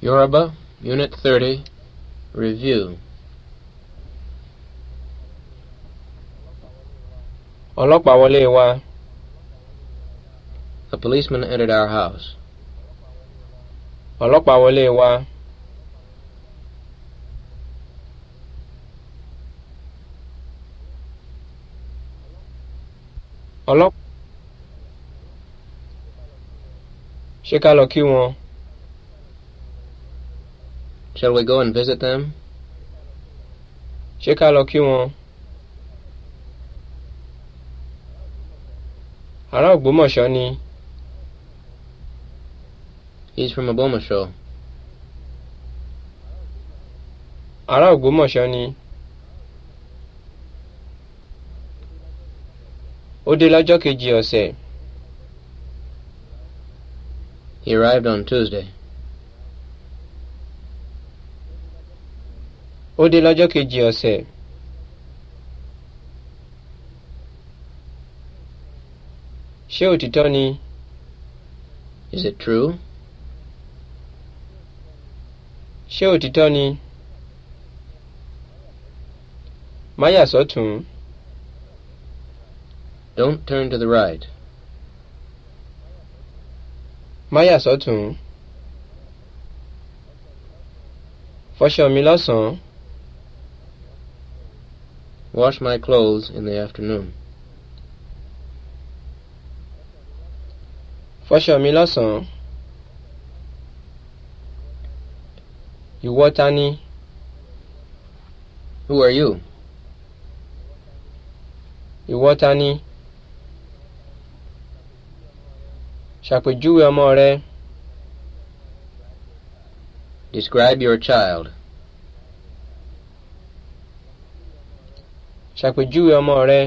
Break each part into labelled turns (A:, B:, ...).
A: Yoruba, Unit 30, Review. Ọlọ́pàá wọlé wa. A policeman entered our house. Ọlọ́pàá wọlé wa. Ọlọ́pàá. Ṣé ká lọ kí wọn? Shall we go and visit them? Ṣé ká Ara kí wọn? ni. He's from Ògbómọ̀ṣọ́. Ará Ògbómọ̀ṣọ́ ni. Ó dé lọ́jọ́ kejì He arrived on Tuesday. ó dé lọ́jọ́ kejì ọ̀sẹ̀ ṣé òtítọ́ ni is it true ṣé òtítọ́ ni máyà sọ́tún don't turn to the right máyà sọ́tún fọṣọ mi lọ́sàn-án. Wash my clothes in the afternoon. Fasha mi you an Ìwọ Who are you? You ta ni? Ṣàpèjúwe Describe your child. ṣàpèjúwe ọmọ rẹ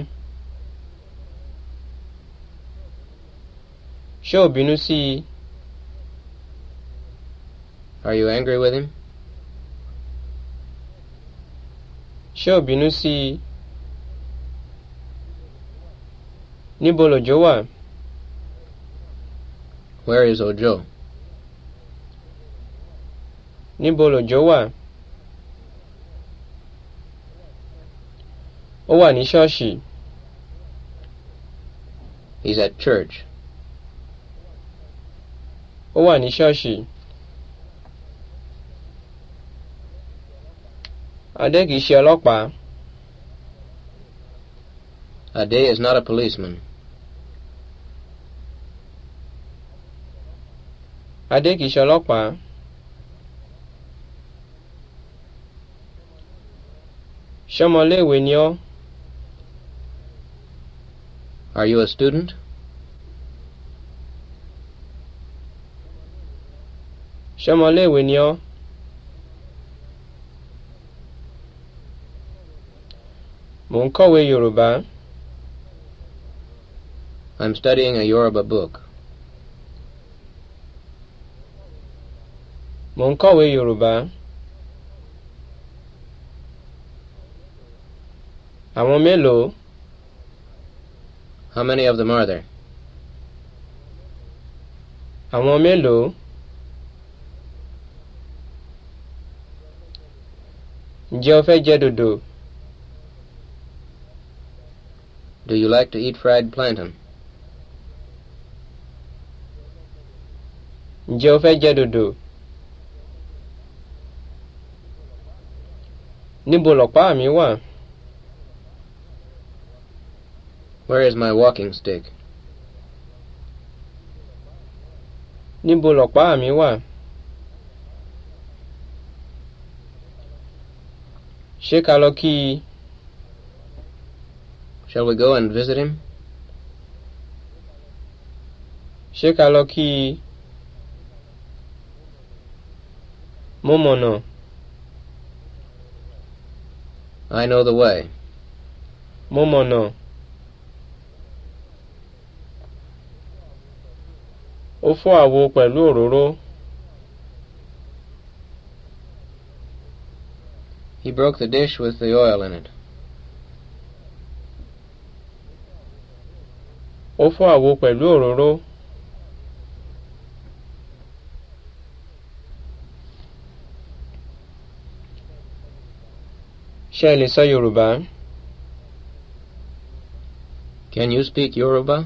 A: ṣé ò bínú sí i are you angry with him ṣé ò bínú sí i níbo lòjó wà where is Ojo? níbo lòjó wà. Ó wà ní ṣọ́ọ̀ṣì. He's at church. Ó wà ní ṣọ́ọ̀ṣì. Adé kìí ṣe ọlọ́pàá. Ade is not a policeman. Adé kìí ṣe ọlọ́pàá. Ṣọmọléèwé ni ọ́. Are you a student? ṣé ọmọléèwé ni kọ́wé yorùbá. I'm studying a Yoruba book. mò ń kọ́wé yorùbá. How many of them are there? Àwọn mélòó? Ǹjẹ́ o fẹ́ jẹ dòdò? Do you like to eat fried plantain? Ǹjẹ́ o fẹ́ jẹ dòdò? Níbo lọ̀pá mi wà? Where is my walking stick? Níbo lọ̀pá mi wà? Shall we go and visit him? Shekaloki. Momono. i? know the way. Momono. ó fọ́ àwo pẹ̀lú òróró. He broke the dish with the oil in it. Ó fọ́ àwo pẹ̀lú òróró. Ṣé ẹ lè sọ Yorùbá? Can you speak Yoruba?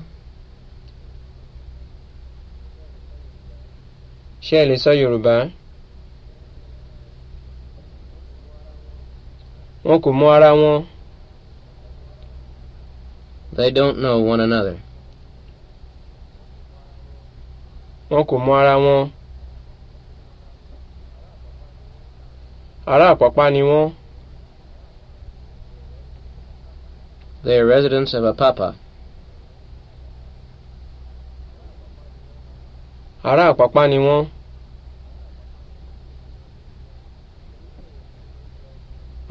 A: ṣé lè sọ yorùbá wọn kò mọ ara wọn. they don't know one another. wọn kò mọ ara wọn. ará àpápá ni wọn. they are residents of Apapa. ará àpápá ni wọn.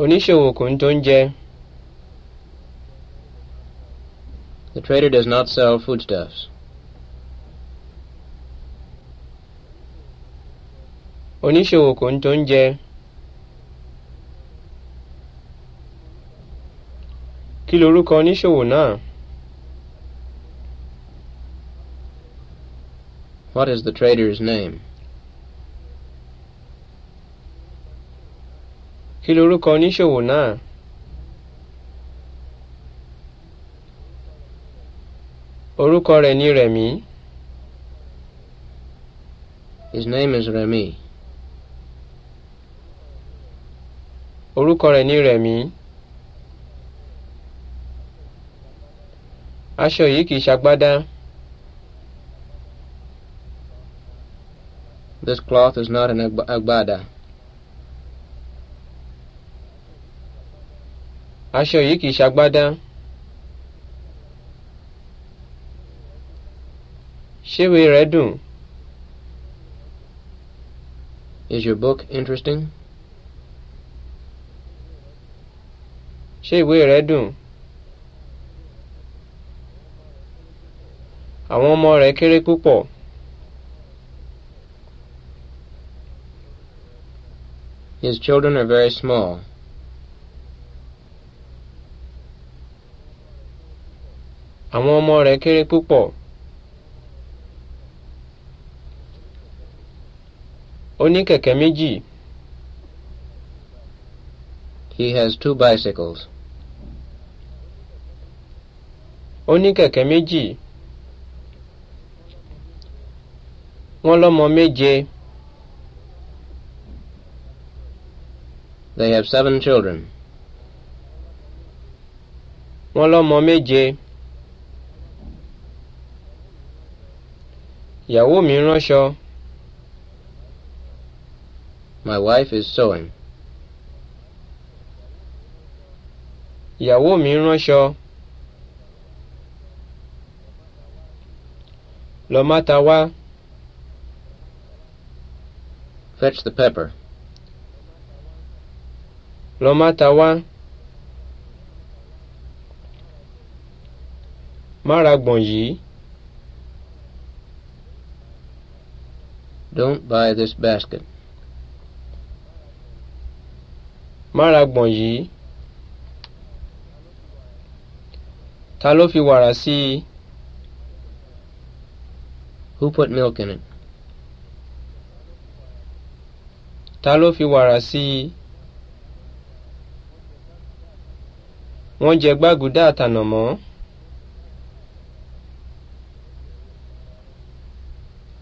A: Oníṣòwò kò ń tó The trader does not sell foodstuffs. Oníṣòwò kò ń tó ń jẹ. Kí oníṣòwò náà? What is the trader's name? Hiluru Konishowona. Orúkọ rẹ̀ ni Remy. His name is Remy. Orúkọ rẹ̀ ni Remy. Aṣọ yiki kìí This cloth is not an agbada. aṣọ yìí kì í ṣagbádá ṣéwé rẹ̀ dùn. Is your book interesting? ṣé ìwé rẹ̀ dùn? àwọn ọmọ rẹ̀ kéré púpọ̀. His children are very small. àwọn ọmọ rẹ̀ kéré púpọ̀ ó ní kẹ̀kẹ́ méjì. He has two bicycles. ó ní kẹ̀kẹ́ méjì. wọ́n lọ́mọ méje. They have seven children. wọ́n lọ́mọ méje. Ìyàwó mi ń ránṣọ. My wife is sewing. Ìyàwó mi ń ránṣọ. Lọ máta wá. Fetch the pepper. Lọ máta wá. gbọ̀n yìí. Don't buy this basket. Má ra gbọ̀n yìí. Ta ló fi wàrà sí i? Who put milk in it? Ta ló fi wàrà sí i? Wọ́n jẹ gbágùdá àtànàmọ́.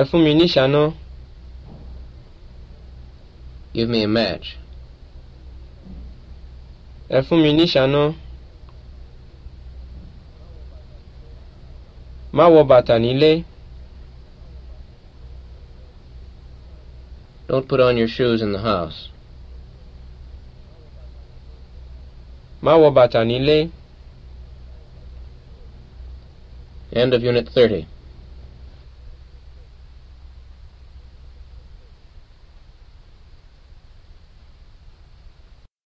A: ẹ fún mi ní give me a match. ẹ fún mi ní ìṣáná. má wọ bàtà nílé. don't put on your shoes in the house. má wọ bàtà nílé. End of Unit 30.